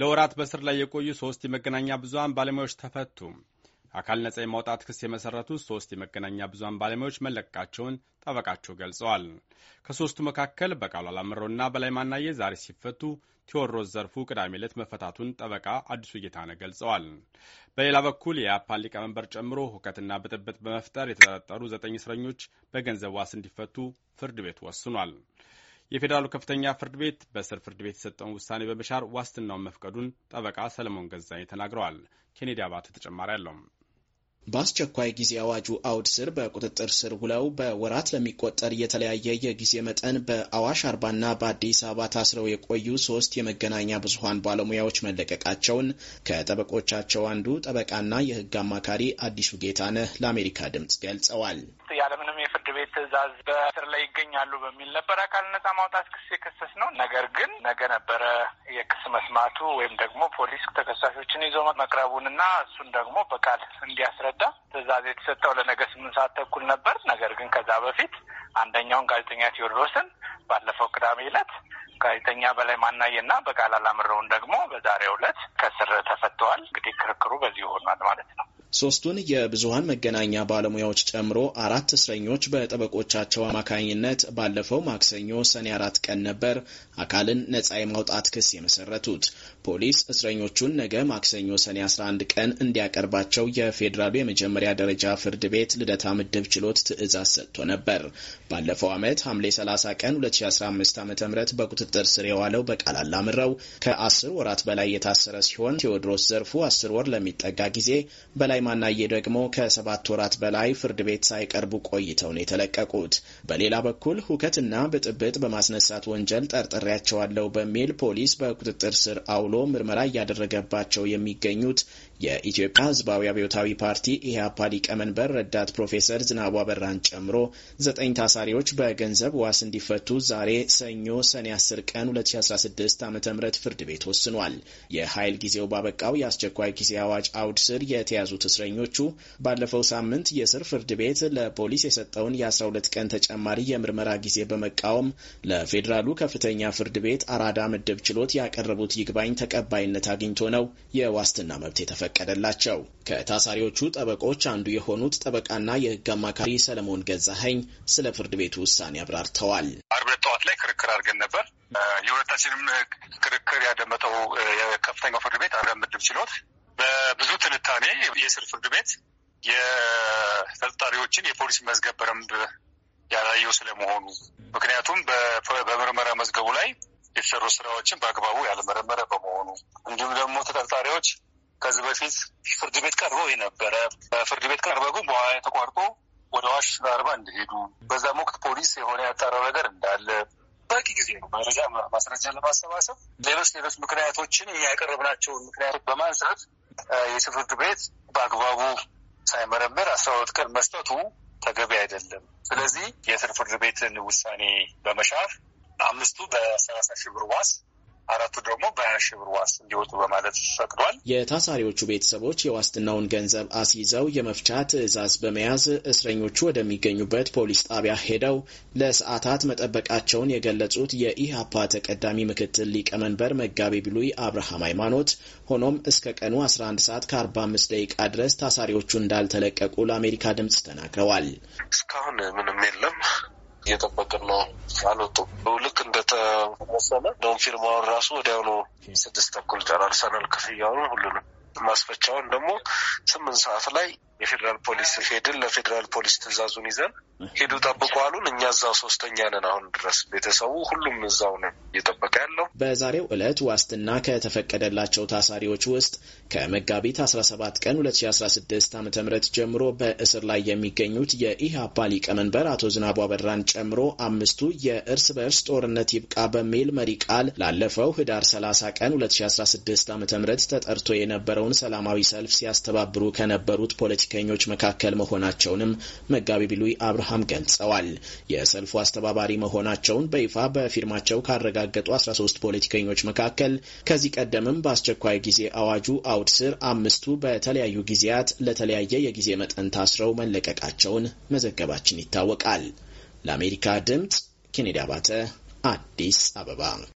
ለወራት በስር ላይ የቆዩ ሶስት የመገናኛ ብዙሀን ባለሙያዎች ተፈቱ። አካል ነጻ የማውጣት ክስ የመሠረቱ ሶስት የመገናኛ ብዙሀን ባለሙያዎች መለቀቃቸውን ጠበቃቸው ገልጸዋል። ከሶስቱ መካከል በቃሉ አላምረውና በላይ ማናየ ዛሬ ሲፈቱ፣ ቴዎድሮስ ዘርፉ ቅዳሜ ዕለት መፈታቱን ጠበቃ አዲሱ ጌታነህ ገልጸዋል። በሌላ በኩል የአፓን ሊቀመንበር ጨምሮ ሁከትና ብጥብጥ በመፍጠር የተጠረጠሩ ዘጠኝ እስረኞች በገንዘብ ዋስ እንዲፈቱ ፍርድ ቤት ወስኗል። የፌዴራሉ ከፍተኛ ፍርድ ቤት በስር ፍርድ ቤት የሰጠውን ውሳኔ በመሻር ዋስትናውን መፍቀዱን ጠበቃ ሰለሞን ገዛኝ ተናግረዋል። ኬኔዲ አባተ ተጨማሪ አለው። በአስቸኳይ ጊዜ አዋጁ አውድ ስር በቁጥጥር ስር ውለው በወራት ለሚቆጠር የተለያየ የጊዜ መጠን በአዋሽ አርባና በአዲስ አበባ ታስረው የቆዩ ሶስት የመገናኛ ብዙኃን ባለሙያዎች መለቀቃቸውን ከጠበቆቻቸው አንዱ ጠበቃና የሕግ አማካሪ አዲሱ ጌታነህ ለአሜሪካ ድምፅ ገልጸዋል። በእስር ላይ ይገኛሉ በሚል ነበር አካል ነጻ ማውጣት ክስ የከሰስ ነው። ነገር ግን ነገ ነበረ የክስ መስማቱ ወይም ደግሞ ፖሊስ ተከሳሾችን ይዞ መቅረቡንና እሱን ደግሞ በቃል እንዲያስረዳ ትዕዛዝ የተሰጠው ለነገ ስምንት ሰዓት ተኩል ነበር። ነገር ግን ከዛ በፊት አንደኛውን ጋዜጠኛ ቴዎድሮስን ባለፈው ቅዳሜ ዕለት ጋዜጠኛ በላይ ማናየና በቃል አላምረውን ደግሞ በዛሬው ዕለት ከስር ተፈተዋል። እንግዲህ ክርክሩ በዚህ ሆኗል ማለት ነው። ሶስቱን የብዙሀን መገናኛ ባለሙያዎች ጨምሮ አራት እስረኞች በጠበቆቻቸው አማካኝነት ባለፈው ማክሰኞ ሰኔ አራት ቀን ነበር አካልን ነጻ የማውጣት ክስ የመሰረቱት። ፖሊስ እስረኞቹን ነገ ማክሰኞ ሰኔ 11 ቀን እንዲያቀርባቸው የፌዴራሉ የመጀመሪያ ደረጃ ፍርድ ቤት ልደታ ምድብ ችሎት ትዕዛዝ ሰጥቶ ነበር። ባለፈው ዓመት ሐምሌ 30 ቀን 2015 ዓ ም በቁጥጥር ስር የዋለው በቃል አላምረው ከ10 ወራት በላይ የታሰረ ሲሆን ቴዎድሮስ ዘርፉ አስር ወር ለሚጠጋ ጊዜ በላይ ማናዬ ደግሞ ከሰባት ወራት በላይ ፍርድ ቤት ሳይቀርቡ ቆይተው ነው የተለቀቁት። በሌላ በኩል ሁከትና ብጥብጥ በማስነሳት ወንጀል ጠርጥሬያቸዋለሁ በሚል ፖሊስ በቁጥጥር ስር አውሎ ምርመራ እያደረገባቸው የሚገኙት የኢትዮጵያ ህዝባዊ አብዮታዊ ፓርቲ ኢህአፓ ሊቀመንበር ረዳት ፕሮፌሰር ዝናቡ አበራን ጨምሮ ዘጠኝ ታሳሪዎች በገንዘብ ዋስ እንዲፈቱ ዛሬ ሰኞ ሰኔ 10 ቀን 2016 ዓ ም ፍርድ ቤት ወስኗል። የኃይል ጊዜው ባበቃው የአስቸኳይ ጊዜ አዋጅ አውድ ስር የተያዙት እስረኞቹ ባለፈው ሳምንት የስር ፍርድ ቤት ለፖሊስ የሰጠውን የ12 ቀን ተጨማሪ የምርመራ ጊዜ በመቃወም ለፌዴራሉ ከፍተኛ ፍርድ ቤት አራዳ ምድብ ችሎት ያቀረቡት ይግባኝ ተቀባይነት አግኝቶ ነው የዋስትና መብት የተፈ ፈቀደላቸው። ከታሳሪዎቹ ጠበቆች አንዱ የሆኑት ጠበቃና የህግ አማካሪ ሰለሞን ገዛኸኝ ስለ ፍርድ ቤቱ ውሳኔ አብራርተዋል። አርብ ጠዋት ላይ ክርክር አድርገን ነበር። የሁለታችንም ክርክር ያደመጠው የከፍተኛው ፍርድ ቤት አራዳ ምድብ ችሎት በብዙ ትንታኔ የስር ፍርድ ቤት የተጠርጣሪዎችን የፖሊስ መዝገብ በደንብ ያላየው ስለመሆኑ ምክንያቱም በምርመራ መዝገቡ ላይ የተሰሩ ስራዎችን በአግባቡ ያልመረመረ በመሆኑ እንዲሁም ደግሞ ተጠርጣሪዎች ከዚህ በፊት ፍርድ ቤት ቀርበው የነበረ ፍርድ ቤት ቀርበ ግን በኋላ ተቋርጦ ወደ ዋሽ አርባ እንደሄዱ በዛም ወቅት ፖሊስ የሆነ ያጣራው ነገር እንዳለ በቂ ጊዜ ነው መረጃ ማስረጃ ለማሰባሰብ ሌሎች ሌሎች ምክንያቶችን ያቀረብናቸውን ምክንያቶች በማንሳት የፍርድ ቤት በአግባቡ ሳይመረምር አስራ ሁለት ቀን መስጠቱ ተገቢ አይደለም። ስለዚህ የስር ፍርድ ቤትን ውሳኔ በመሻር አምስቱ በሰላሳ ሺህ ብር ዋስ አራቱ ደግሞ በሀያ ሺህ ብር ዋስ እንዲወጡ በማለት ፈቅዷል። የታሳሪዎቹ ቤተሰቦች የዋስትናውን ገንዘብ አስይዘው የመፍቻ ትዕዛዝ በመያዝ እስረኞቹ ወደሚገኙበት ፖሊስ ጣቢያ ሄደው ለሰዓታት መጠበቃቸውን የገለጹት የኢህአፓ ተቀዳሚ ምክትል ሊቀመንበር መጋቤ ብሉይ አብርሃም ሃይማኖት፣ ሆኖም እስከ ቀኑ 11 ሰዓት ከ45 ደቂቃ ድረስ ታሳሪዎቹ እንዳልተለቀቁ ለአሜሪካ ድምፅ ተናግረዋል። እስካሁን ምንም የለም። እየጠበቅን ነው። አልወጡም። ልክ እንደተመሰለ እንደውም ፊርማውን ራሱ ወዲያውኑ ስድስት ተኩል ጨራርሰናል። ክፍያውን ሁሉንም ማስፈቻውን ደግሞ ስምንት ሰዓት ላይ የፌዴራል ፖሊስ ሄድን። ለፌዴራል ፖሊስ ትእዛዙን ይዘን ሄዱ ጠብቆ አሉን። እኛ እዛው ሶስተኛ ነን አሁን ድረስ ቤተሰቡ ሁሉም እዛው ነን እየጠበቀ ያለው። በዛሬው ዕለት ዋስትና ከተፈቀደላቸው ታሳሪዎች ውስጥ ከመጋቢት 17 ቀን 2016 ዓ ም ጀምሮ በእስር ላይ የሚገኙት የኢህአፓ ሊቀመንበር አቶ ዝናቡ አበራን ጨምሮ አምስቱ የእርስ በእርስ ጦርነት ይብቃ በሚል መሪ ቃል ላለፈው ህዳር 30 ቀን 2016 ዓ ም ተጠርቶ የነበረውን ሰላማዊ ሰልፍ ሲያስተባብሩ ከነበሩት ፖለቲካ ፖለቲከኞች መካከል መሆናቸውንም መጋቢ ቢሉይ አብርሃም ገልጸዋል። የሰልፉ አስተባባሪ መሆናቸውን በይፋ በፊርማቸው ካረጋገጡ 13 ፖለቲከኞች መካከል ከዚህ ቀደምም በአስቸኳይ ጊዜ አዋጁ አውድ ስር አምስቱ በተለያዩ ጊዜያት ለተለያየ የጊዜ መጠን ታስረው መለቀቃቸውን መዘገባችን ይታወቃል። ለአሜሪካ ድምፅ ኬኔዲ አባተ አዲስ አበባ